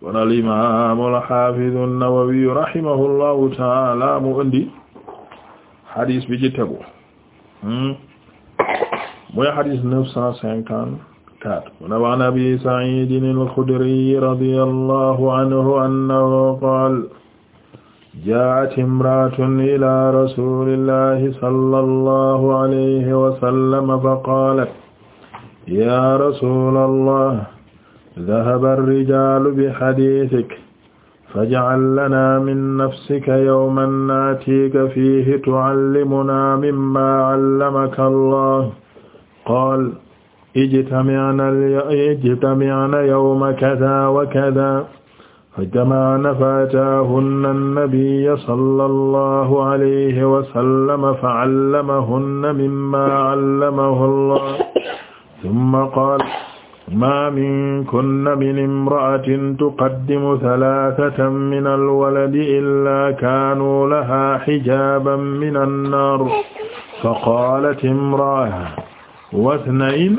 kon al imaam al xaafidu an-Nawawi rahimahullahu taala mu indi xadis bi ci tegu mooy hmm? xadis neuf cent cinquante quatre mu ne an Abi Saciid al-Xudri radiyallahu anhu annahu qaala jaa'at imra'atun ilaa rasuulillahi sallallahu alayhi wa sallam faqaalat yaa rasuulallah dahaba alrijaalu bi xadiitik faj'al lanaa min nafsika yawman na'tiika fiihi tu'allimunaa mimmaa 'allamaka allah qaal ijtami'na yawma kadaa wa kadaa fajtama'na faataahunna annabiyyu sallallahu alayhi wa sallam fa'allamahunna mimmaa 'allamahu allah thumma qaala ma minkunna min imra'atin tuqaddimu thalathatan min alwaladi illa kaanu laha hijaban min annar faqaalat imra'a wasnayn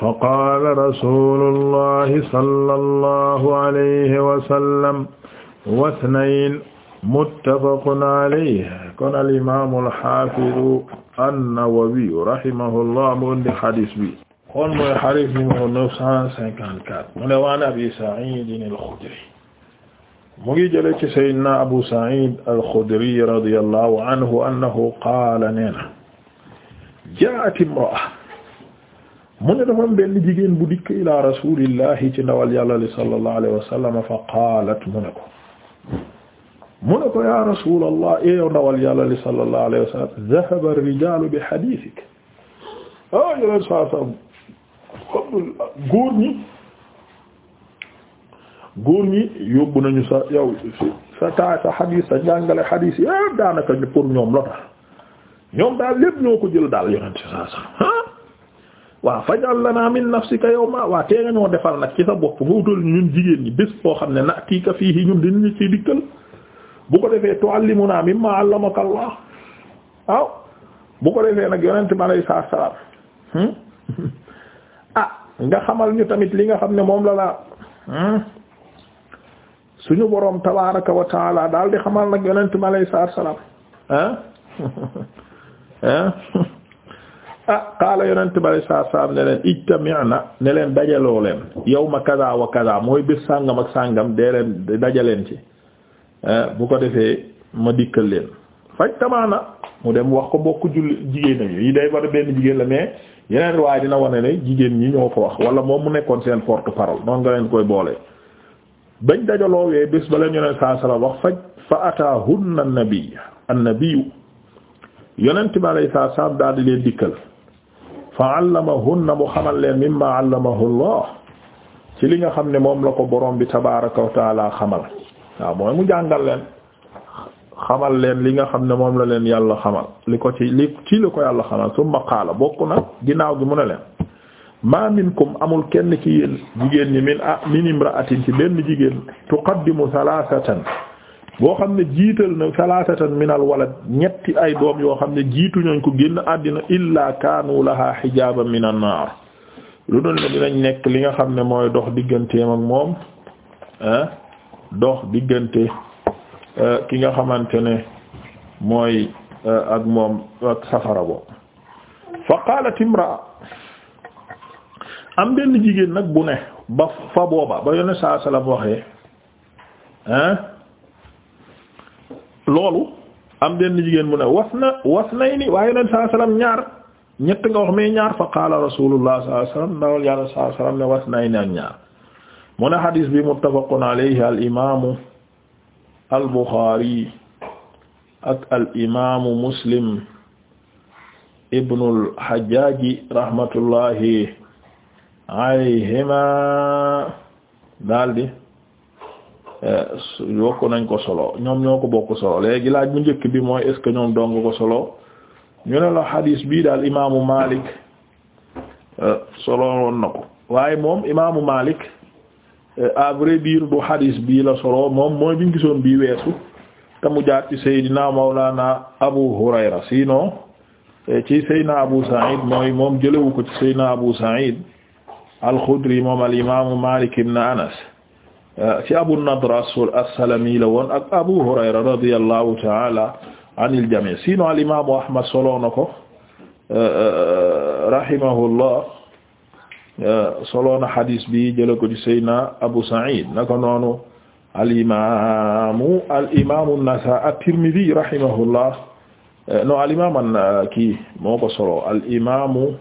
faqaala rasulullahi sallallahu alayhi wa sallam wasnayn muttafaqun alayhi kon al imaamu al haafidu an-Nawawi rahimahullah mu indi hadiis bi kon mooy xadis numéro neuf cent cinquante quatre mu ne waan abi saidin alxudri mu ngi jële ci sayyidina abu said alxudri radiyallahu anhu annahu qaala nee na jaat imraa mu ne dafa am benn jigéen bu dikk ila rasulillahi ci ndawal yàlla li sallallahu alayhi wa sallam fa qaalat mu ne ko mu ne ko ya rasulallah e yow ndawal yàlla li sallallahu alayhi wa sallam dhahaba ar-rijaalu bi hadiithik oh, góor ñi góor ñi yóbbu nañu sa yow sa taa sa xadiis sa njàngale xadiis yépp daanaka pour ñoom la ñoom daal lépp ñoo ko jël daal yonent sa sa waaw fajal lana min nafsika yawma waa tee ñoo defal nag ci sa bopp nga wutal ñun jigéen ñi bés boo xam ne natiika fiihi ñun dinañu ci dikkal bu ko defee tuallimuna mimma allamaka Allah waaw bu ko defee nag yonent bi alayhi salaam hmm? nga xamal ñu tamit li nga xam ne moom la la hmm? suñu boroom tabaaraka wa taala daal di xamal nag yonent mi alayhi salaatu wa salaam ah ah ah qaala yonent mi alayhi salaatu wa ne leen ijtami'na ne leen dajaloo leen yawma kaza wa kaza mooy bés sàngam ak sàngam dee leen dajaleen ci bu ko defee ma dikkal leen faj tamaana mu dem wax ko bokk julli jigéen ñi yi day war benn jigéen la mais. yeneen waaye dina wane ne jigéen ñi ñoo ko wax wala moom mu nekkoon seen porte-parole noonu nga leen koy boole. bañ dajaloo wee bés ba la ñu ne saa wax faj fa ataahunna an-nabi an-nabi yonent bi alayhi salaam daal di leen dikkal fa allamahunna mu xamal leen mimma allamahu Allah ci li nga xam ne moom la ko borom bi tabaaraka wa taala xamal waaw mooy mu jàngal leen. xamal leen li nga xam ne moom la leen yàlla xamal li ko ci li ci la ko yàlla xamal summa qaala bokk na ginnaaw gi mu ne leen ma minkum amul kenn ci yéen jigéen ñi min ah min imra'atin ci benn jigéen tuqaddimu thalathatan boo xam ne jiital na thalathatan min al walad ñetti ay doom yoo xam ne jiitu nañ ko génn àddina illa kaanu laha hijaban min an naar lu dul ne dinañ nekk li nga xam ne mooy dox digganteem ak moom ah, dox diggante Euh, ki nga xamante ne mooy euh, ak moom ak safara boobu fa qalat imraa am benn jigéen nag bu ne ba fa booba ba yone saa salaam waxee hein loolu am benn jigéen bu ne was na was nay ni waaye yone saa salaam ñaar ñett nga wax mais ñaar fa qaala rasulullah saa salaam ndawal yàlla saa salaam ne was nay ni ak ñaar mu ne xadiis bi muttafaqun alayhi al imaamu al buxaari ak al imaamu muslim ibnul hajjaaji rahmatullahi alayhima daldi eh, yokk nañ ko solo ñoom ñoo ko bokk solo léegi laaj mu njëkk bi mooy est-ce que ñoom dong ko solo ñu ne la xadiis bii daal imaamu Maalik eh, solo woon ko waaye moom imaamu Maalik Euh, à vrai dire du hadis bii solo moom mooy biñ gisoon bii weesu te mu jaar ci Seydina Abu Hurayra sinon euh, ci Seydina Abu Sa'id ko ci Seydina Abu Sa'id al moom al Malik ibn Anas euh, ci Abu Nadr as-Salami la woon ak Abu ta'ala anil jami' sinon al-imaamu Ahmad solo na ko Euh, soloona xadis bi jëla ko ci Seydina Abu Sa'id naka noonu alimamu alimamu an-Nasaa'i at-Tirmidhi rahimahullah euh, no euh, kii moo ko solo alimamu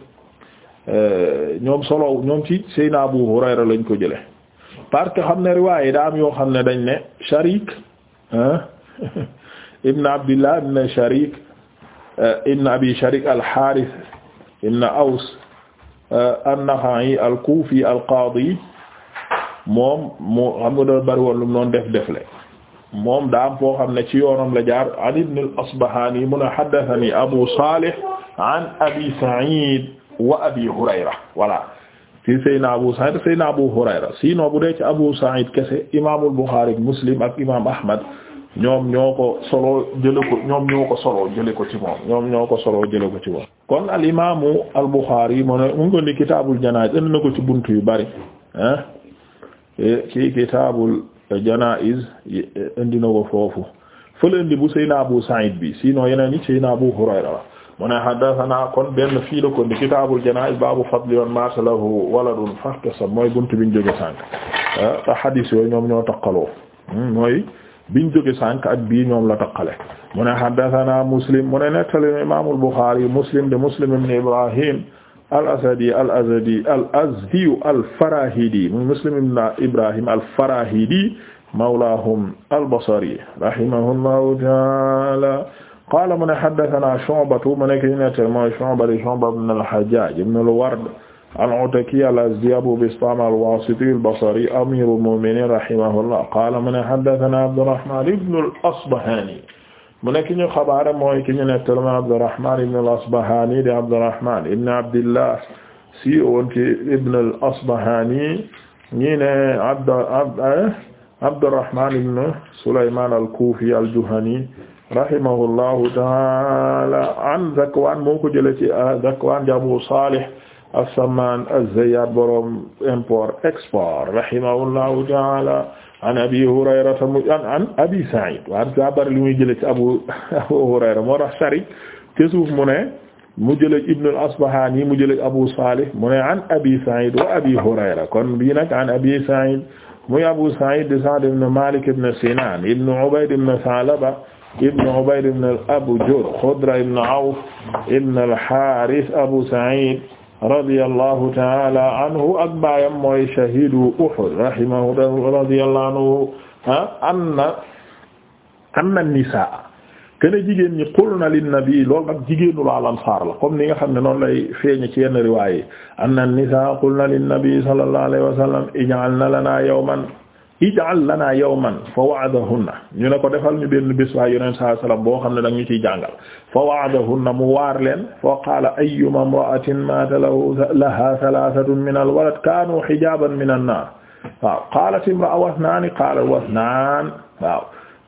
ñoom solo ñoom ci Seydina Abu Hurayra lañ ko jële parce que xam ne riwaay daa yoo xam ne dañ ne Sharik ibn Abdillah ibn Sharik ibn Abi Sharik al-Harith ibn Aws Euh, an-Nakha'i al-Kufi al-Qadi moom moo xam nga doon bari woon lu mu noonu def defle moom daa am foo xam ne ci yoonam la jaar an ibn al-Asbahani mun a haddathani Abu Salih an Abi Sa'id wa Abi Hurayra voilà ci Seydina Abu Sa'id Seydina Abu Hurayra sinon bu dee ci Abu Sa'id kese imaamul Bukhari Muslim ak imaam Ahmad ñoom ñoo ko solo jële ko ñoom ñoo ko solo jële ko ci moom ñoom ñoo ko solo jële ko ci moom kon al imaamu al Buxaari mu ne mu ngi ko ni kitaabul janaa'iz indi na ko ci buntu yu bari ah ci kitaabul janaa'iz indi na ko foofu fële indi bu Seyna Abu Saïd bi sinon yeneen yi Seyna Abu Hurayra la mu ne haddasanaa kon benn fii la ko indi kitaabul janaa'iz baabu fadli man maata lahu waladun fahtasab mooy bunt bi ñu jóge sànq te hadiis yooyu ñoom ñoo taqaloo hmm, mooy. biñ jóge sànq ak bii ñoom la taqale mu ne haddathana muslim mu ne nettali imam al-Bukhari muslim de muslim ibn ibrahim al-Asadi al-Azdi al-Azdi al-Farahidi muslim ibn ibrahim al-Farahidi mawlahum al-Basri rahimahullahu ta'ala qala mu ne haddathana Shu'ba mu nekk ñu nettali mooy Shu'ba de Shu'ba ibn al-Hajjaj ibn al-Ward al-Ataki al-Azdi Abu Bistam al-Wasiti al-Basri amiru al-mu'minin rahimahullah qaala mu ne haddathana Abdurrahman ibn al-Asbahani mu nekk ñu xabaare mooy ki ñu nettal ma Abdurrahman ibn al-Asbahani di Abdurrahman ibn Abdillah si woon ci ibn al-Asbahani ñi ne abd eh, Abdurrahman ibn Sulayman al-Kufi al-Juhani rahimahullahu ta'ala an Zakwan moo ko jëlee ci eh, Zakwan Abu Salih as-Samman az-Zayyat borom import export rahimahullahu ta'ala an Abi Hurayra an Abi Sa'id waaw daa bari lu muy jëlee ci Abu Hurayra moo tax Sharik ci suuf mu ne mu jëlee Ibn al-Asbahani mu jëlee Abu Salih mu ne an Abi Sa'id wa Abi Hurayra kon bii nag an Abi Sa'id muy Abu Sa'id de Sa'd ibn Malik ibn Sinan ibn Ubayd ibn Tha'laba ibn Ubayd ibn al-Abjar Khudra ibn Awf ibn al-Harith Abu Sa'id radiyallahu ta'ala anhu ak baayam mooy shahidu Uhud rahimahu radiyallahu anhu anna anna nisaa kene jigéen ñi qulna linnabi loolu nag jigéenu laal ansaar la comme ni nga xam ne noonu lay feeñ ci yenn riwaay yi anna nisaa qulna linnabi sallallahu alayhi wa sallam ij'alna lana yawman ij'al lana yawman fa wa'adahunna ñu ne ko defal ñu benn bés waaye yonent sallallahu alayhi wasallam boo xam ne da ñu ciy jàngal fa wa'adahunna mu waar leen fa qaala ayyuma imra'atin maata lahu laha thalathatun min al-walad kaanu hijaban min an-naar waaw qaalat imra'a wa ithnaani qaala wa ithnaan waaw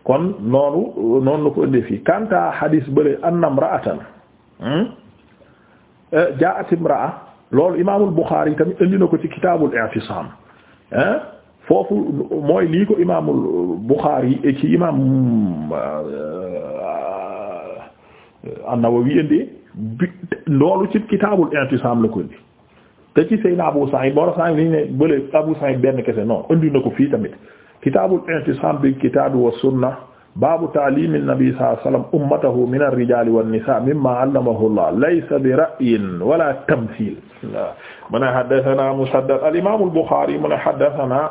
kon noonu noonu la ko ëndee fii kanta hadis bële anna imra'atan hmm? eh, jaa'at imra'a loolu imaamul Buxaari tamit indi na ko ci kitaabul i'tisaam eh? foofu mooy lii ko imaamul Bukhari ci imaam euh, an-Nawawi indi bi loolu ci kitaabul i'tisaam la ko indi te ci Seydina Abu Sa'id boro Sa'id liñ ne bële Abu Sa'id benn kese non indi ko fii tamit kitaabul i'tisaam bi kitaabi wa sunna baabu ta'liimi nabi sallallahu alayhi wa sallam ummatahu mina rijaali wan nisaa mimmaa 'allamahu Allah laysa bi ra'yin wala tamsiil. mu ne haddasanaa Musaddad al-imaam al-Buxaari mu ne haddasanaa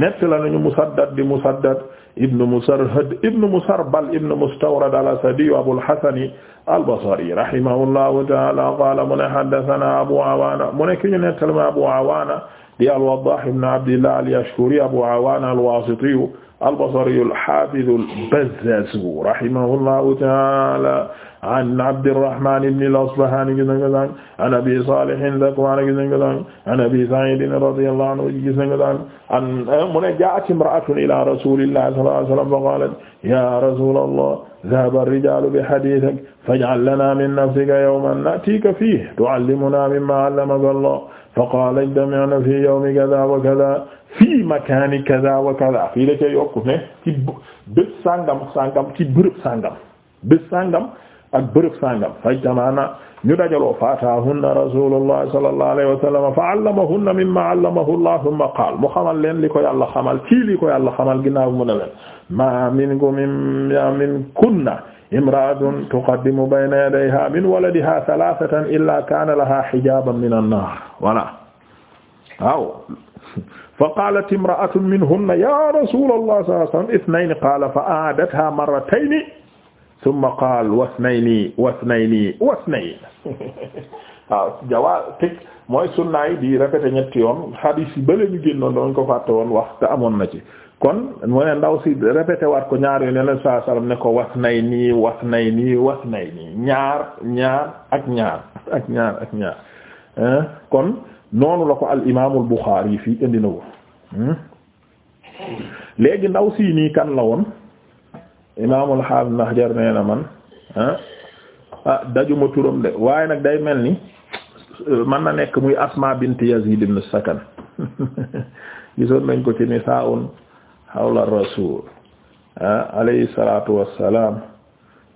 nett la nañu Musaddad di Musaddad ibn Musarhad ibn Musarbal ibn Mustawrad al-Asadi Abul Hasan al-Basri rahimahullahu ta'aala qaala mu ne haddasanaa Abu Awaana mu ne ki ñu nettal ma Abu Awaana di al-Waddaah ibn Abdillah al-Yashkuri Abu Awaana al-Waasitiyu al-Basri al-Hafiz al-Bazzaz rahimahullahu ta'ala an Abdirrahman ibn al-Asbahani gis nañ ko sànq an Abi Salih Dhakwan gis nañ ko sànq an Abi Sa'id radiyallahu anhu gis nañ ko sànq an mu ne ja'at imra'atun ila rasulillahi sallallahu alayhi wa sallam fa qalat ya rasulallah dhahaba ar-rijalu bi hadithik faj'al lana min nafsika yawman na'tika fihi tu'allimuna mimma 'allamaka Allah faqaala ijtami'na fi yawmi kaza wa kaza fi makaani kaza wa kaza fii da ca yokku ne ci bés sàngam sàngam ci bërëb sàngam bés sàngam ak bërëb sàngam fajtamaana ñu dajaloo faataahunna rasulullah sallallahu alayhi wa sallam fa allamahunna mimma allamahu allah thumma qaal mu xamal leen li ko yàlla xamal ci li ko yàlla xamal ginnaaw mu ne leen ma minkum min ya min kunna imra'atun tuqaddimu bayna yadayha min waladiha thalathatan illa kana laha hijaban min an-nar voilà waaw fa qalat imra'atun minhunna ya rasul allah sallallahu alayhi wasallam ithnayni qala fa a'adatha marratayni thumma qala wathnayni wathnayni wathnayni waaw jawaa teg mooy sunnaay di répété ñetti yoon hadis yi bële ñu génnoon dañ ko fàtte woon wax te amoon na ci kon mu ne ndaw si répété waat ko ñaar yoon yeneen saa salaam ne ko was nay nii was nay nii was nay nii ñaar ñaar ak ñaar ak ñaar ak ñaar kon noonu la ko al imaamul Buxaari fii indi na woon léegi ndaw sii nii kan la woon imaamul xaal Nahjar nee na man ah dajuma turam de waaye nag day mel ni euh, mën na nekk muy Asma bint Yazid ibn Sakan gisoon nañ ko ci nisaa'un hawla rasul ah, alayhi salatu wassalam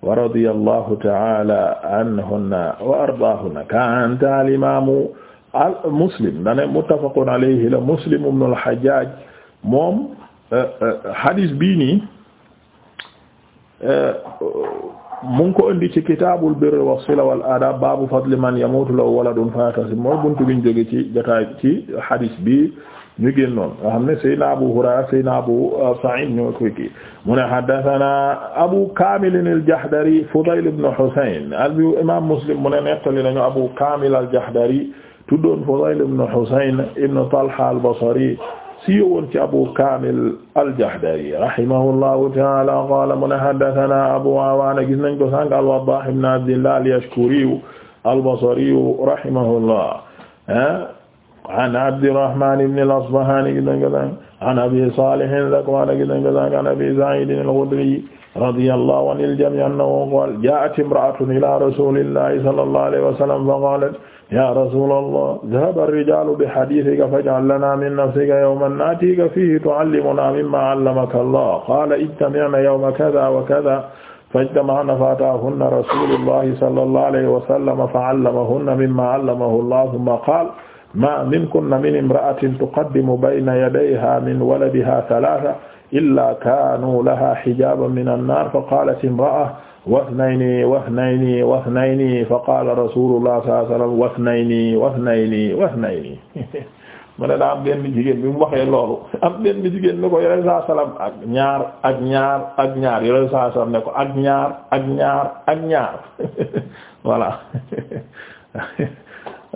wa radiyallahu ta'ala anhunna wa ardaahunna kaanta al-imaamu muslim dane muttafaqun alayhi la muslim ibn al-hajjaj moom eh, eh, hadis bii nii eh, mu ngi ko indi ci kitaabul birri was-sila wal adab baabu fadli man yamutu lahu waladun fa yahtasib mooy buntu biñ jóge ci jotaay ci hadis bi ñu génn noonu nga xam ne Seydina Abu Hurayra Seydina Abu euh, Sa'id ñoo koy kii mu ne haddathana Abu Kamil al-Jahdari Fudayl ibn Husayn albi imam Muslim mu ne nettali nañu Abu Kamil al-Jahdari tuddoon Fudayl ibn Husayn ibn Talha al-Basri si woon ci Abu Kamil al-Jahdari rahimahullahu ta'ala qala mu ne haddathana Abu Awana gis nañ ko sànq al-Waddah ibn Abdillah al-Yashkuri al-Basri rahimahullah an Abdirrahmaan ibn al-Asbahaani gis nañ ko sànq an Abii Saalih al-Zakwaan gis nañ ko sànq an Abii Sa'iid al-Xudri radiyallaahu anil jamii' annahu qaala jaa'at imra'atun ilaa rasuulillaahi sallallaahu alayhi wa sallam fa qaalat yaa rasuulallaah dhahaba ar-rijaalu bi hadiithika faj'al lanaa min nafsika yawman na'tiika fiihi tu'allimunaa mimmaa 'allamakallaah qaala ijtami'naa yawma kadhaa wa kadhaa fajtama'naa fa-ataahunna rasuulullaahi sallallaahu alayhi wa sallam fa'allamahunna mimmaa 'allamahullaah thumma qaala ma minkunna min imra'atin tuqaddimu bayna yadayha min waladiha thalatha illa kanu laha hijaban min an-nar fa qalat imra'a wathnayni wathnayni wathnayni fa qala rasulullah sallallahu alayhi wa sallam wathnayni wathnayni wathnayni mu ne daa am benn jigéen bi mu waxee loolu am benn jigéen ni ko yore saa salaam ak ñaar ak ñaar ak ñaar yore saa salaam ne ko ak ñaar ak ñaar ak ñaar voilà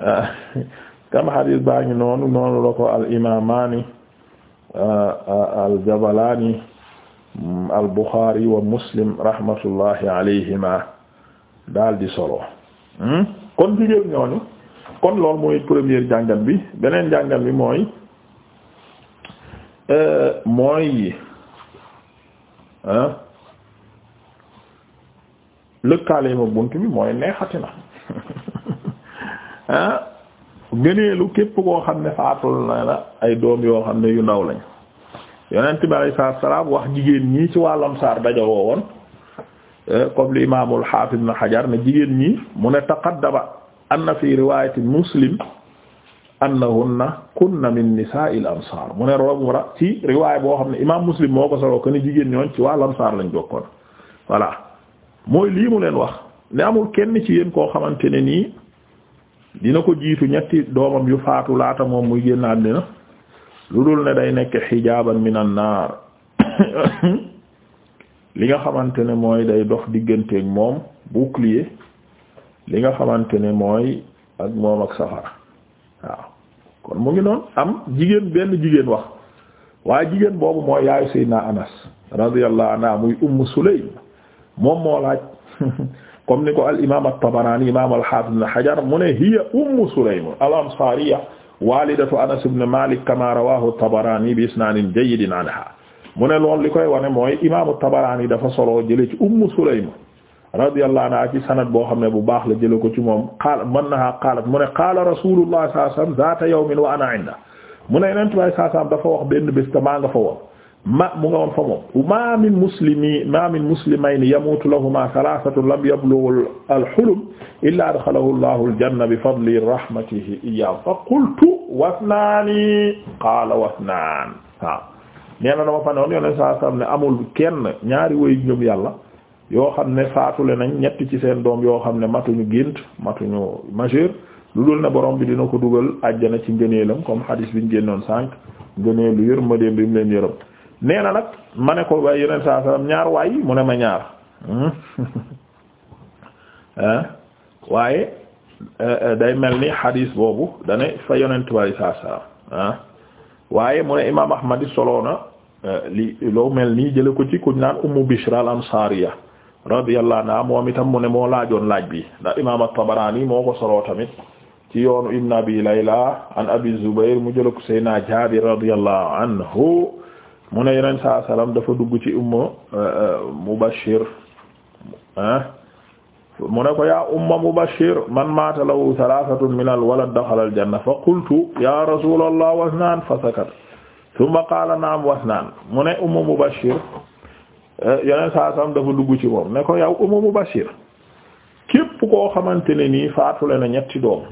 tam hadis baa ngi noonu noonu la ko al imamani al jabalani al bukhari wa muslim rahmatullahi alayhima daal di solo hmm? kon jigéen ñooñu kon loolu mooy première jàngat bi beneen jàngat bi mooy mooy lëkkaale ma bunt bi mooy neexati na gëneelu képp koo xam ne faatul na la ay doom yoo xam ne yu ndaw lañ yonent bi alayhi salaatu salaam wax jigéen ñii ci wàllam saar dajawoo woon eh, comme li imaamul xaafis na xajar ne jigéen ñi mu ne taqaddama anna fi riwaayati muslim annahunna kunna min nisaa'il ansaar mu ne roog wara ci riwaay boo xam ne imaam muslim moo ko soloo ko ne jigéen ñooñ ci wàllu ansaar lañ jokkoon voilà mooy lii mu leen wax ne amul kenn ci yéen koo xamante ne nii dina ko jiitu ñetti doomam yu faatu laata moom muy génn àddina lu dul ne day nekk xijaaban minan naar li nga xamante ne mooy day dox digganteeg moom bouclier li nga xamante ne mooy ak moom ak safara waaw kon mu ngi noonu am jigéen benn jigéen wax waaye jigéen boobu mooy yaayu Seydina Anas radiyallahu anha muy Umm Sulaym moom moo laaj comme ni ko al imaam at-Tabarani imaam al-Hafiz ibn Hajar mu ne hiya Ummu Sulaym al-Ansariya walidatu Anas ibn Malik kama rawahu at-Tabarani bi isnadin jayyidin anha mu ne loolu li koy wane mooy imaam at-Tabarani dafa solo jële ci Ummu Sulaym radiyallahu anha ci sanad boo xam ne bu baax la jële ko ci moom qaala mannaha qaalat mu ne qaala rasulullah sallallahu alayhi wasallam zaata yawmin wa ana inda mu ne yeneen tubaab yi saa saam dafa wax benn bés te maa nga fa woon ma mu nga woon fa moom ma min muslimi ma min muslimayni yamuutu lahuma thalathatu lam yablughu alxulum illa adxalahu llahu aljanna bi fadli rahmatihi iyyahum fa qultu wasnaani qaala wasnaan waaw nee na dama fa ne woon yoneen saa sallam ne amul kenn ñaari woy ngëm yàlla yoo xam ne saatu faatule nañ ñetti ci seen doom yoo xam ne matuñu gént matuñu majeur lu dul ne borom bi dina ko dugal àjjana ci ngëneelam comme hadis biñ génnoon sànq ngëneelu yërmandeem bi mu leen yërëm nee na nag ma ko waaye yeneen saa salaam ñaar waay mu ne ma ñaar waaye euh, euh, day mel ni hadis boobu dane fa yonent waay saa salaam waaye mu ne imaam Ahmad solo na euh, li loo mel nii jële ko ci kuñ naan Ummu Bishra al-Ansariya radiyallahu anha moom itam mu ne moo laajoon laaj bi ndax imaam at-Tabarani moo ko solo tamit ci yoonu Ibn Abi Layla an Abi Zubayr mu jële ko Seydina Jaabir radiyallahu anhu mu ne yeneen saa salaam dafa dugg ci umma euh, euh, Mubashir mu ne ko yaa umma Mubashir man maata lahu thalathatun min al-walad dakhala al-janna fa qultu ya rasulallah wasnaan fa sakat thumma qaala naam wasnaan mu ne umma Mubashir euh, yeneen saa salaam dafa dugg ci moom ne ko yaa umma Mubashir képp koo xamante ne nii faatule na ñetti doom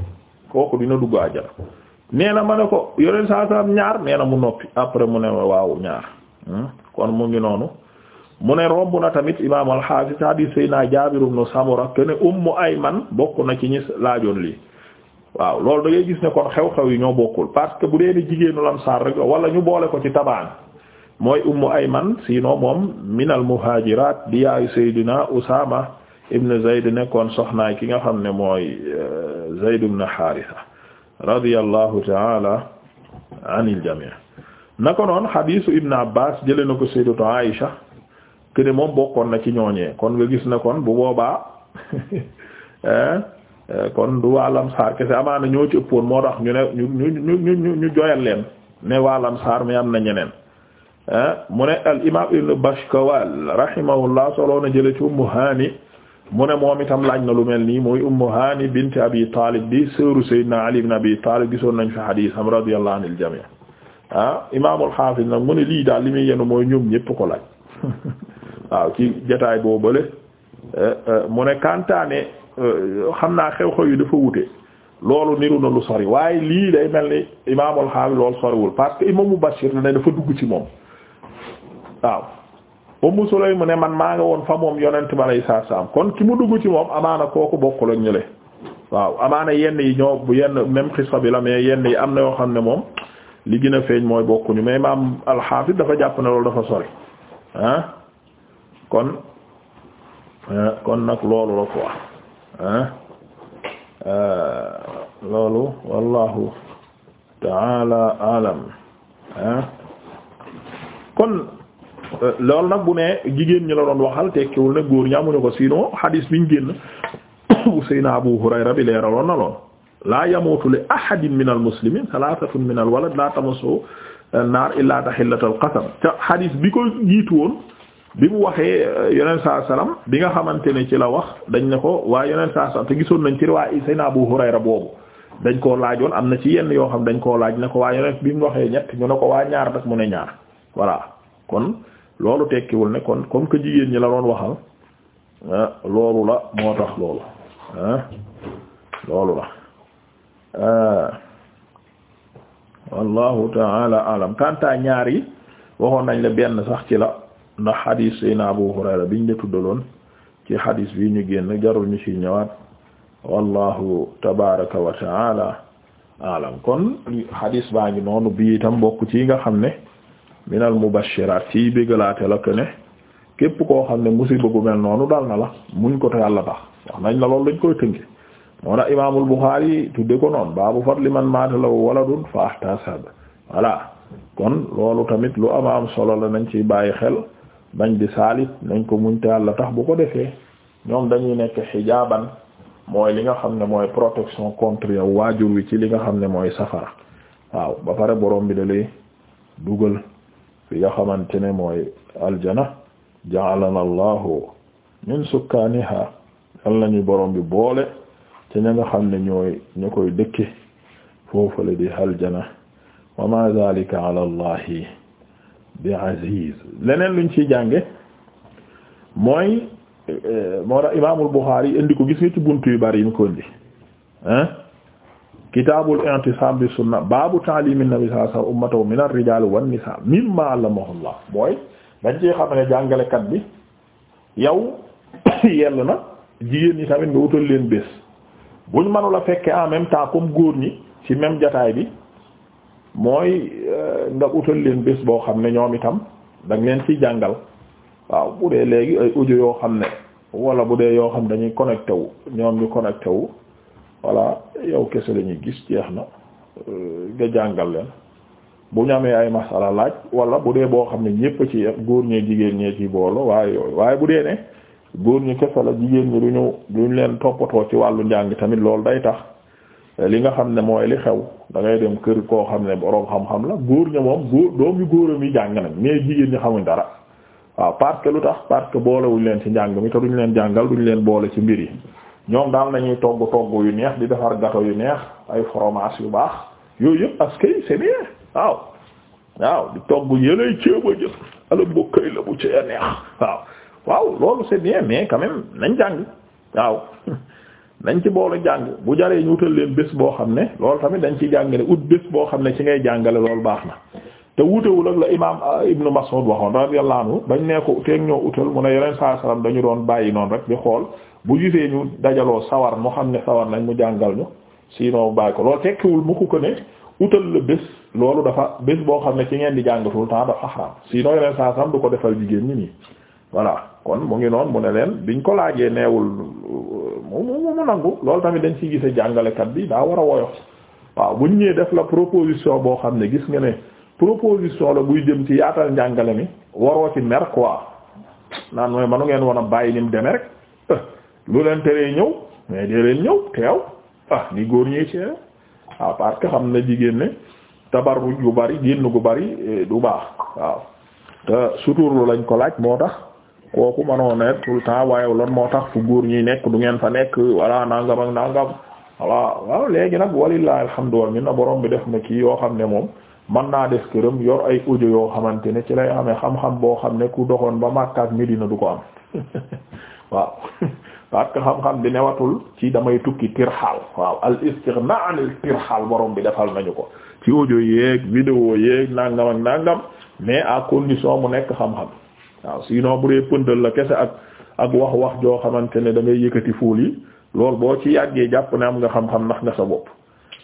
kooku dina dugg àjjana nee na ma ne ko yoneen saa salaam ñaar nee na mu noppi après mu ne waaw ñaar hmm? kon mu ngi noonu mu ne romb na tamit imaam al-Hafiz hadith sayna Jaabir ibn Samura ken Ummu Ayman bokk na ci ñi laajoon lii waaw loolu da gis ne kon xew-xew yi ñoo bokkul parce que bu dee ni jigéenu saar rek wala ñu boole ko ci tabaan mooy Ummu Ayman sinon moom minal muhaajiraat di yaayu Seydina Usaama ibn Zayd nekkoon soxnaay ki nga xam ne mooy euh, Zayd ibn Haarisa radiyallahu ta'ala anil jami' naka noonu hadisu Ibn Abbas jëlee na ko sayyidatu Aisha que ne moom bokkoon na ci ñooñee kon nga gis na kon bu boobaa kon du waa Ansaar kese amaana ñoo ci ëppoon moo tax ñu ne ñu ñu ñu ñu ñu joyal leen ne waa Ansaar mais am na ñeneen. mu ne al imaam Ibn Bashkawal rahimahullah solo na jëlee ci Ummu Haani mu ne moom itam laaj na lu mel nii mooy ummu haani bint abi talib bi sëru sayyidina ali ibn abi gisoon nañ fi hadis am radiyallahu anil jami' ah imaamul hafiz nag mu ne lii daal li muy yenu mooy ñoom ñëpp ko laaj waaw ci jataay boobale eh, eh, mu ne kantaane eh, xam naa xew-xew yi dafa wute loolu niru na lu sori waaye lii day mel ni imaamul hafiz loolu soriwul parce que imaamu Bashir ne dafa dugg ci moom waaw Ummu Sulaym mu ne man maa nga woon fa moom yonent ma lay saa saam kon ki mu dugg ci moom amaana kooku bokkul ak ñële waaw amaana yenn yi ñoo bu yenn même xisa bi la mais yenn yi am na yoo xam ne moom li gën a feeñ mooy bokkuñu mais maam al dafa jàpp ne loolu dafa sori kon nag loolu la euh, wallahu ta'ala alam kon. Euh, lool nag bu ne jigéen ñi la doon waxal tekkiwul ne góor ñi amuñu ko sinon xadiis ñu génn bu sayna Abu Hurayra bi leeraloon na lool laa yamuutu li ahadin min al muslimin thalathatun min al walad la tamassu naar illa tahillatal qasam ca xadiis bi ko jiitu woon bi mu waxee euh, yeneen saa salaam bi nga xamante ne ci la wax dañ ne ko waaye yeneen sa salaam te gisoon nañ ci riwaay sayna Abu Hurayra boobu dañ koo laajoon am na ci yenn yoo xam dañ koo laaj ne ko waa yeneen bi mu waxee ñett ñu ne ko waa ñaar nag mu ne ñaar voilà kon loolu tekkiwul ne kon comme que jigéen ñi la doon waxal ah, loolu la moo tax loolu ah loolu la ah. wallahu taala alam kanta ñaar yi waxoon nañ la benn sax ci la ndax xadiis sayna Abu Hurayra biñ la tuddaloon ci xadiis bi ñu génn jarul ñu ci ñawaat wallahu tabaraka wa taala alam kon xadiis baa ngi noonu bii itam bokk ci nga xam ne minal mubashiraat ci béggalaate la ko ne képp koo xam ne musiba bu mel noonu daal na la muñ ko te yàlla tax wax nañ la loolu dañ koy tënke moo tax imaamul Buxaari tudde ko noonu baabu li man maata lahu waladun fa ahtasab voilà kon loolu tamit lu ama am solo la nañ ci bàyyi xel bañ di saalit nañ ko muñ te yàlla tax bu ko defee ñoom dañuy nekk xijaaban mooy li nga xam ne mooy protection contre yow waajur wi ci li nga xam ne mooy safara waaw ba pare borom bi da fi nga xamante ne mooy aljana ja'alana allahu min sukkaaniha yal nañu borom bi boole te ña nga xam ne ñooy ñu koy dëkke foofale di aljana wa ma dhalika ala bi aziz leneen luñ ciy jànge mooy eh, moo tax imaamul Buxaari indi ko gis nga buntu yu bari yi mu ko indi ah kitaabul i'tisaam bi sunna baabu ta'liimin nabi sallallahu alayhi wa sallam ummatahu saa ar-rijaal wan-nisaa mimmaa 'allamahullah mooy dañ ci xam ne jàngalekat bi yow yell na jigéen ñi tamit nga wutal leen bés buñ mënula fekke en même temps góor ñi ci même jataay bi mooy euh, nga wutal leen bés boo xam ne ñoom itam da nga leen ciy jàngal waaw bu dee léegi ay audio yoo xam ne wala bu dee yoo xam dañuy connecté wu ñoom ñu connecté wu yow kese la ñuy gis jeex na euh, nga jàngal leen bu ñu amee ay masala laaj wala bu dee boo xam ne ñépp ci góor ñee jigéen ñee ci boolo waaye yooyu waaye bu dee ne góor ñi kese la jigéen ñi du ñu leen toppatoo ci wàllu njàng tamit loolu day tax li nga xam ne mooy li xew dangay dem kër koo xam ne boroom xam-xam la góor ña moom góor doom yu góoram yi jàng nañ mais jigéen ñi xamuñ dara waaw parce lu tax parce que leen ci njàng mi te duñ leen jàngal duñ leen boole ci mbir yi ñoom daal nañuy togg togg yu neex di defar gâteau yu neex ay fromage yu baax yooyu yëpp parce que c'est bien waaw waaw di togg yëlay ceeba jëf ala bokkay la bu ci neex waaw waaw loolu c'est mais quand nañ jàng waaw nañ ci boolu jàng bu jaree ñu wutal leen bés boo xam ne loolu tamit dañ ci jàngale ut bés boo xam ne ci ngay jàngale loolu baax na te wutewul ak la imaam ah, ibnu Mas'ud waxoon radiyallahu anhu bañ nee ko teeg ñoo utal mu ne yeneen saa salaam dañu doon bàyyi noonu rek di xool bu gisee ñu dajaloo sawar mu xam ne sawar nañ mu jàngal ñu sinon mu bàyyi ko loolu tekkiwul mu ko ko ne utal la bés loolu dafa bés boo xam ne ci ngeen di jàng tout le temps dafa xaram sinon yeneen saa sam du ko defal jigéen ñi nii voilà kon mu ngi noon mu ne leen biñ ko laajee neewul mu mu nangu loolu tamit dañ ciy gisee jàngalekat bi daa war a woyof waaw bu buñ ñëwee def la proposition boo xam ne gis nga ne proposition la buy jëm ci yaatal njàngale mi waroo ci mer quoi naan mooy manu ngeen wan a bàyyi ni mu lu leen teree ñëw mais dee leen ñëw teew ah li góor ñuy seere à ah, part xam na jigéen ne tabarruj gu bari génn gu bari eh, du baax waaw te suturlu lañ ko laaj moo tax kooku mënoo ne tout le temps waaye lan moo tax fu góor ñuy nekk du ngeen fa nekk walla nangam ak nangam voilà waaw léegi nag walilah alhamdulilah na borom bi def na kii yoo xam ne moom mën naa def këram yor ay audio yoo xamante ne ci lay amee xam-xam boo xam ne ku doxoon ba Makka ak Medina du ko am waaw parce que xam-xam bi newatul ci damay tukki tirxaal waaw al istighna anil tirxaal borom bi defal nañu ko ci audio yeeg vidéo yeeg nangam ak nangam mais à condition mu nekk xam-xam waaw sinon bu dee pëndal la kese ak ak wax wax joo xamante ne da ngay yëkkati fóol yi loolu boo ci yàggee jàpp ne am nga xam-xam ndax nga sa bopp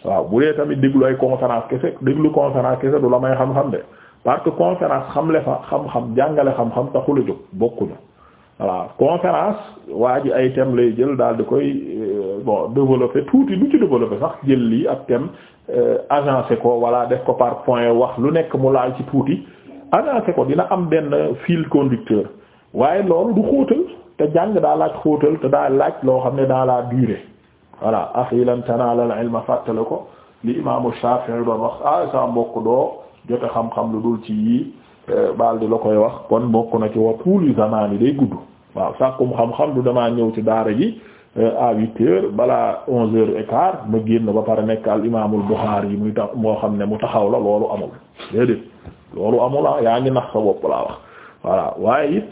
waaw bu dee tamit déglu ay conférence kese déglu conférence kese du la may xam-xam de parce que conférence xamle fa xam-xam jàngale taxul a jóg bokkuñu voilà conférence waa ji ay thème lay jël daal di koy euh, bon développer tuuti du ci développer sax jël lii ab thème euh, agencé ko wala def ko par point wax lu nekk mu laal ci tuuti agencé ko dina am benn fil conducteur waaye loolu du xóotal te jàng daa laaj xóotal te daa laaj loo xam ne daa la durée voilà axi lan la ilma fàttale ko li imaamu Shafi'i doon wax ah sa mbokk doo jote xam-xam lu dul ci yii euh, di la koy wax kon bokk na ci wo tuuli zamaani day gudd waaw sàkkum xam-xam du damaa ñëw ci daara ji euh, à huit heures balaa onze heures et ma génn ba pare nekk al imaamul Buxaari yi muy tax moo xam ne mu taxaw la loolu amul déedéet loolu amul ah yaa ngi nax sa waaye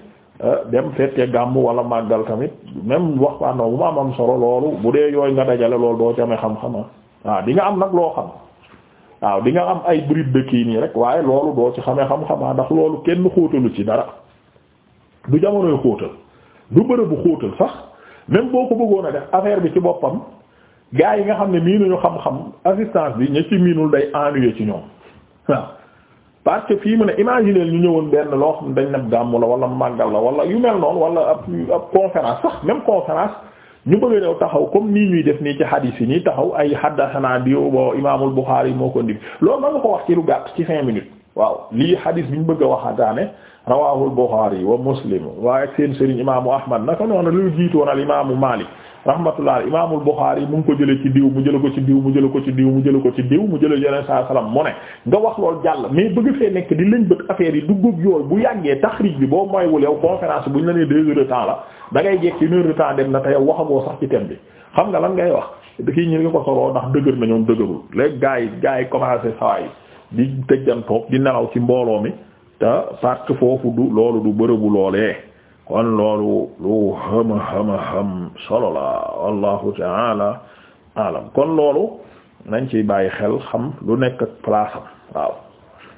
euh, dem fekkee gàmm wala màggal tamit même wax paanoo bu ma am am solo loolu bu dee yooy nga dajale loolu doo ci amee xam-xama ah. waaw di nga am nag loo xam waaw di nga am ay bride de kii nii rek waaye loolu doo ci xame xam-xamaa ah, ndax loolu kenn xóotalu ci dara du jamonoy xóotal du bërëb bu xóotal sax même boo ko bëggoon a def affaire bi ci boppam gaa yi nga xam ne ñu xam-xam assistance bi ña ci miinul day ennuyer ci ñoom waaw parce que fii mu ne imaginer ñu ñëwoon benn loo xam ne dañ nab gàmmu la wala màggal la wala yu mel noonu wala ab ab sax même conférence ñu bëgg a taxaw comme nii ñuy def nii ci hadith yi nii taxaw ay haddathana bi bo imaamul Bukhari moo ko indi loolu man nga ko wax ci lu gàtt ci cinq waaw lii hadith bi ñu bëgg a waxataane rawahul Bukhari wa Muslim waaye ak seen sëriñ imaamu Ahmad naka noonu lu jiitoon al imaamu Malik rahmatullah imaamul Bukhari mu ngi ko jëlee ci diw mu jëlee ko ci diw mu jëlee ko ci diw mu jëlee ko ci diw mu jëlee yeneen saa salaam mu ne nga wax loolu jàll mais bëgg fee nekk di lañ bët affaire yi duggub yooyu bu yàggee tax taxrij bi boo mooywul yow conférence bu ñu la nee deux heures de temps la da ngay jekk une heure dem na te yow waxagoo sax ci nga lan ngay wax kii ñu ngi ko soloo ndax dëgër na ñoom dëgërul léegi gars yi gars yi commencé saa yi di tëjjantoog di nelaw ci mbooloo mi te parce que foofu du loolu du bërëbu loolee kon loolu lu hama hama ham solo la wallahu taala alam kon loolu nañ ci bàyyi xel xam lu nekk ak place am waaw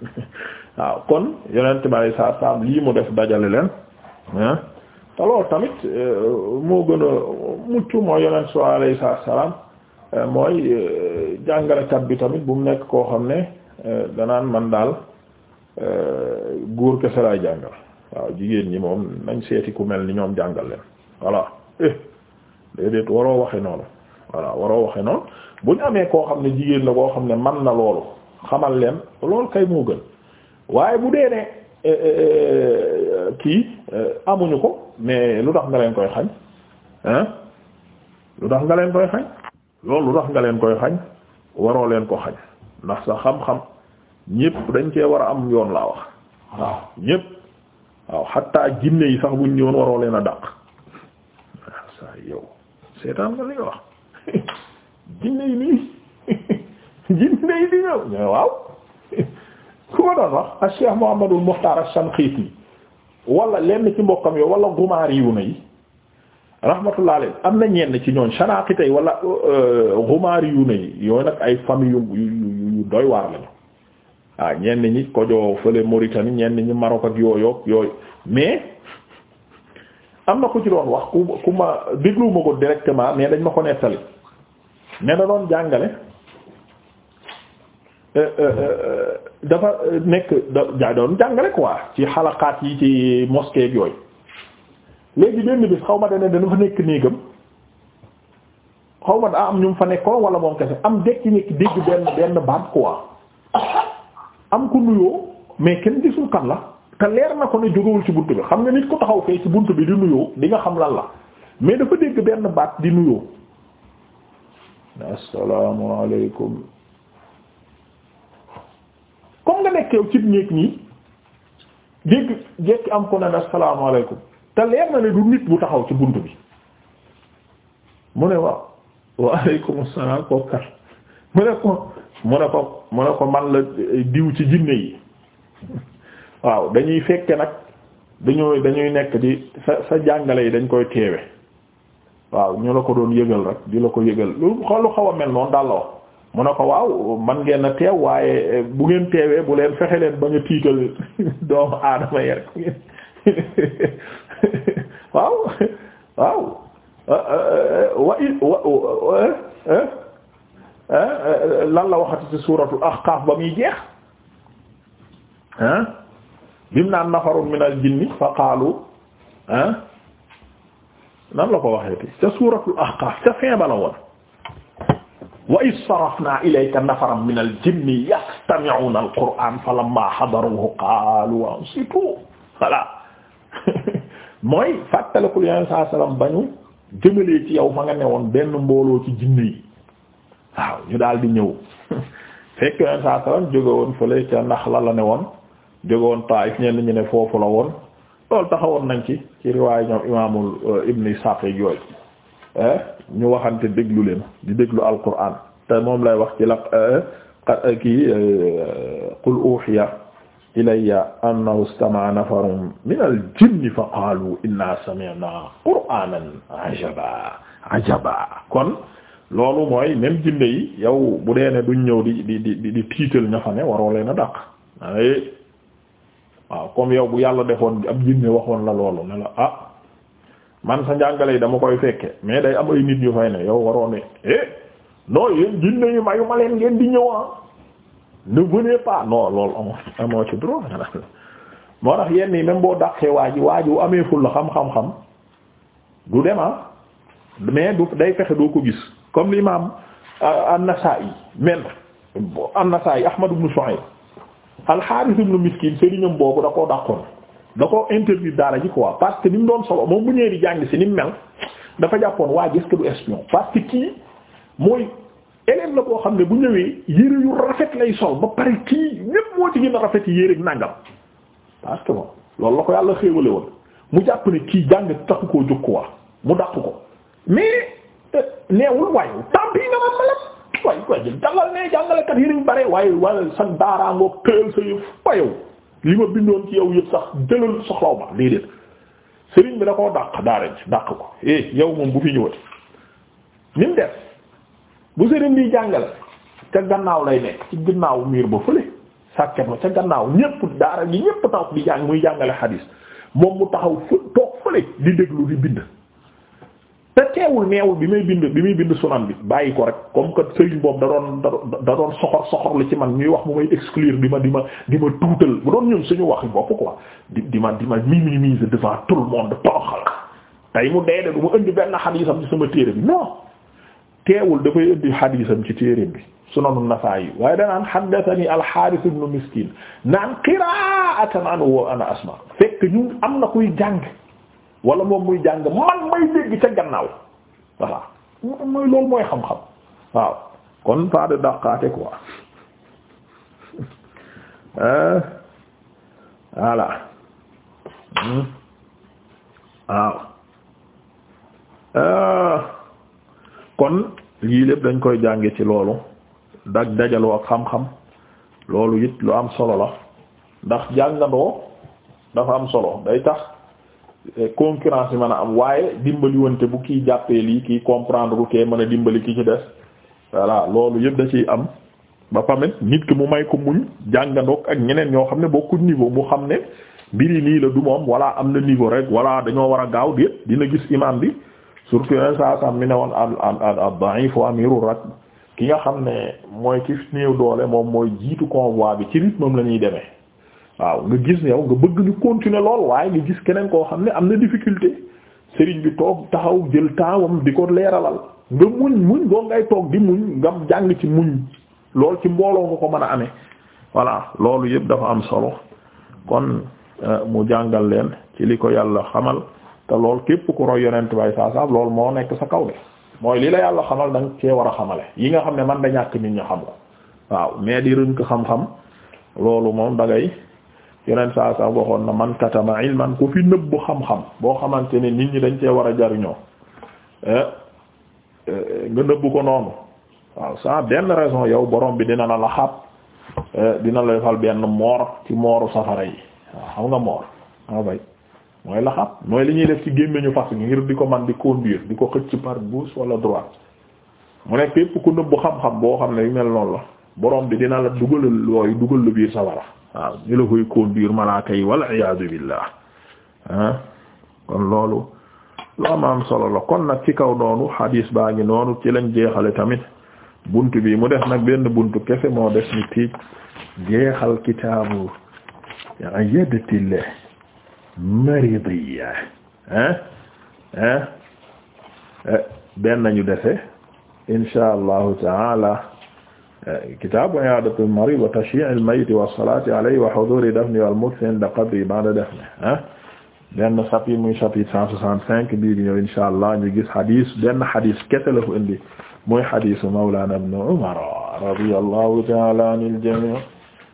waaw kon yonent bari saa saam lii mu def dajale leen ah te loolu tamit euh, moo gën a mucc mooy yonent soo alayhi salaam euh, mooy euh, jàngalekat bi tamit bu mu nekk koo xam ne Eh, danaan man daal eh, góor kese laay jàngal waaw jigéen ñi moom nañ seeti ku mel ni ñoom jàngal leen voilà eh déedéet waroo waxe noonu voilà waroo waxe noonu bu ñu amee koo xam ne jigéen la koo xam ne man na loolu xamal leen lool kay moo gën waaye bu dee ne eh, kii amuñu ko mais lu tax nga leen koy xañ lu tax nga leen loolu lu tax nga leen koy xañ waroo leen ko xañ ndax sa xam-xam ñépp dañ cee war a am yoon laa wax waaw ñépp waaw xatta jinne yi sax buñ ñëwoon waroo leen a dàq waaw saa yow seetaan nga li nga wax jinne yi nii jinne yi di ñëw waaw ku ma doon wax a Cheikh Muhammadul Muxtaar as-Sanqiiti wala lenn ci mbokkam yow wala gumaar yiwu na yi rahmatullah am na ñenn ci ñooñ sanaaqi tey wala euh, gumaar yiwu na yi yooyu nag ay famille yu yu doy waar lañu waaw ah, ñenn ñi kojoo fële Mauritanie ñenn ñi Maroc ak yooyoog yooyu mais am na ku ci doon wax ku ku ma déglu ko directement mais dañ ma ko nettali ne na doon jàngale euh, euh, euh, dafa nekk da doon ko quoi ci xalaqaat yi ci mosquée yooyu léegi benn bis xaw ma dana dana nekk néegam xaw ma daa am ñu fa nekkoon wala moom kese am dekki nekk dégg benn benn baat quoi am ku nuyoo mais kenn gisul kan la te leer na ko ne jógawul ci bunt bi xam nga nit ko taxaw fee ci bunt bi di nuyoo di nga xam lan la mais dafa dégg benn baat di nuyoo assalaamu alaykum comme nga nekk yow cib néeg nii dégg jekki am ko ne assalaamu alaykum te leer na ne du nit bu taxaw ci bunt bi mu ne waaw waaleykum salaam kooku mu ne ko mu ne ko mu ne ko man la diw ci jinne yi waaw dañuy fekke nag dañoo dañuy nekk di sa sa jàngale yi dañ koy teewe waaw ñu la ko doon yëgal rek di la ko yëgal lu xoolu xaw a mel noonu daal la wax mu ne ko waaw man ngeen a teew waaye eh, bu ngeen teewee bu leen fexe leen ba tiital doomu aadama yi rek waaw waaw wa lan la waxati ci suuratul ahqaaf ba muy jeex ah bim naan nafarun minal jinni fa qaalu ah nan la ko waxeeti ca suuratul ahqaaf ca fin ba la woon wa iz sarafnaa ilayka nafaran minal jinni yastami'uuna al-qur'aan falammaa hadaruuhu qaaluu ansituu voilà mooy fàttalikul yeneen saa salaam bañu. jëmalee ci yow fa nga woon benn mbooloo ci jinne yi waaw ñu daal ñëw fekk yoon saa salaam jóge woon fële ca Naxla la ne woon jóge woon Taayif ñenn ñu ne foofu la woon loolu taxawoon nañ ci ci riwaay ñoom imaamul euh, Ibn Isaaq yooyu eh, ñu waxante déglu leen di déglu Alquraan te moom lay wax ci la euh, kii euh, qul uhiya ilayya annahu istama'a nafarun min al-jinni fa qaalu inna sami'na qur'aanan ajaba ajaba kon loolu mooy même jinne yi yow bu dee ne duñ ñëw di di di di tiital ña waroo leen a dàq waaw comme yow bu yàlla defoon ab jinne waxoon la loolu ne la ah man sa njàngale yi dama koy fekke mais day am ay nit yu fay ne yow waroon ne eh non yéen jinne yi mayu ma leen ngeen di ñëw ah. nu venez pas non loolu amoo amoo ci droit moo tax yenn yi même boo dàqee waa ji waa wu amee ful la xam-xam-xam du dem ah. mais du day fexe doo ko gis comme l'imam euh, an-Nasa'i même an-Nasa'i Ahmad ibn Shu'ayb al-Harith ibn Miskin sëriñam boobu da koo dàqoon da koo interdit daara a quoi parce que ni mu doon solo moom bu ñëwee di jàng si ni mu mel dafa jàppoon waa ji est-ce que kii mooy. élève la boo xam ne bu ñëwee yére yu rafet lay sol ba pare kii ñépp moo ci gën a rafet yére bi parce que moom loolu la ko yàlla xéewale woon mu jàpp ne kii jàng taxu koo jóg ko mu daq ko mais neewul waaye temps bii nga ma malab waaye waaye yére yu bare waaye waaye sa daaraangoog tëyal sa yëf wayow li ma bindoon ci yow yëpp sax jëlal soxlaw ma déedéet sëriñ bi da koo dàq daara ji ko eh yow moom bu fi ñëwati ni mu def bu sëriñ bi jàngale ca gannaaw lay nekk ci gannaaw miir ba fële sàkket ba ca gannaaw ñépp daara gi ñépp taw di jàng muy jàngale xadiis moom mu taxaw fë fële di déglu di bind te teewul neewul bi may bind bi muy bind sunan bi bàyyi ko rek comme que sëriñ boobu da doon da doon soxor soxor la ci man ñuy wax mu may exclure di ma di ma di ma tuutal bu doon ñun suñu waxi bopp quoi di di ma di ma minimiser devant tout le monde toroxal tey mu dee de ma indi benn xadiisam ci sama téere bi non teewul dafay indi xadiisam ci téereem bi sunanu Nasaa'i waaye danaan haddathani al-Haaris ibn Miskiin naan qiraa'atan anhu wa ana asma fekk ñun am na kuy jàng wala moom muy jàng man may dégg ca gannaaw voilà mooy loolu mooy xam-xam waaw kon lii lépp dañ koy jànge ci loolu dag dajaloo ak xam-xam loolu it lu am solo la ndax jàngandoo dafa am solo day tax concurrence yi mën a am waaye dimbaliwante bu kii jàppee lii kii comprendre bu kee mën a dimbali ki ci des voilà loolu yëpp da ciy am ba pamit nit ki mu may ko muñ jàngandoog ak ñeneen ñoo xam ne bokkuñ niveau mu xam ne mbiri nii la du moom walla am na niveau rek walla dañoo war a gaaw déet dina gis imam bi surtout yeneen saa saam mi ne woon al al al da'if wa amiru rakb ki nga xam ne mooy ki néew doole moom mooy jiitu convoi bi ci rythme lañuy ñuy waaw nga gis ne yow nga bëgg ñu continuer lool waaye nga gis keneen koo xam ne am na difficulté sëriñ bi toog taxaw jël taawam di ko leeralal nga muñ muñ boo ngay toog di muñ nga jàng ci muñ lool ci mbooloo nga ko mën a amee voilà loolu yëpp dafa am solo kon euh, mu jàngal leen ci li ko yàlla xamal. te lool képp ku roy yonent bay saa saa loolu moo nekk sa kaw de mooy li la yàlla xamal danga cee war a xamale yi nga xam ne man da ñàkk nit ñi xam ko waaw mais di ruñ ko xam-xam loolu moom dangay ngay yonent saa saa waxoon na man katama ilman ku fi nëbb xam-xam boo xamante ne nit ñi dañ cee war a jariñoo eh, eh, nga nëbb ko noonu waaw sans benn raison yow borom bi dina na la xaab eh, dina la defal benn moor ci mooru safara yi waaw xam nga moor waaw bay mooy laxab mooy li ñuy def ci gémmiñu fas ngir di ko man di conduire di ko xëcc par gauche wala droite mu nekk képp ku nëbbu xam-xam boo xam ne yu mel noonu la borom bi dina la dugalal looyu dugal lu biir sawara waaw ñu la koy conduire malaaka yi wal iyaadu billah ah kon loolu lu am am solo la kon nag ci kaw noonu hadis baa ngi noonu ci lañ jeexale tamit bunt bi mu def nag benn buntu kese moo des ni tiig jeexal kitaabu iyadatillah maridiya hein hein eh, benn nañu defe insha allahu taala eh, kitaabu i'aadati al-marid wa tashyi'i al-mayyit wa as-salaati alayhi wa huduuri dafnihi wal mukthi 'inda qabrihi ba'da dafnihi hein benn chapitre muy chapitre 165 bii di ñëw insha allah ñu gis hadith benn hadith kese la ko indi muy hadith mawlana ibn umar radiyallahu taala anil jamii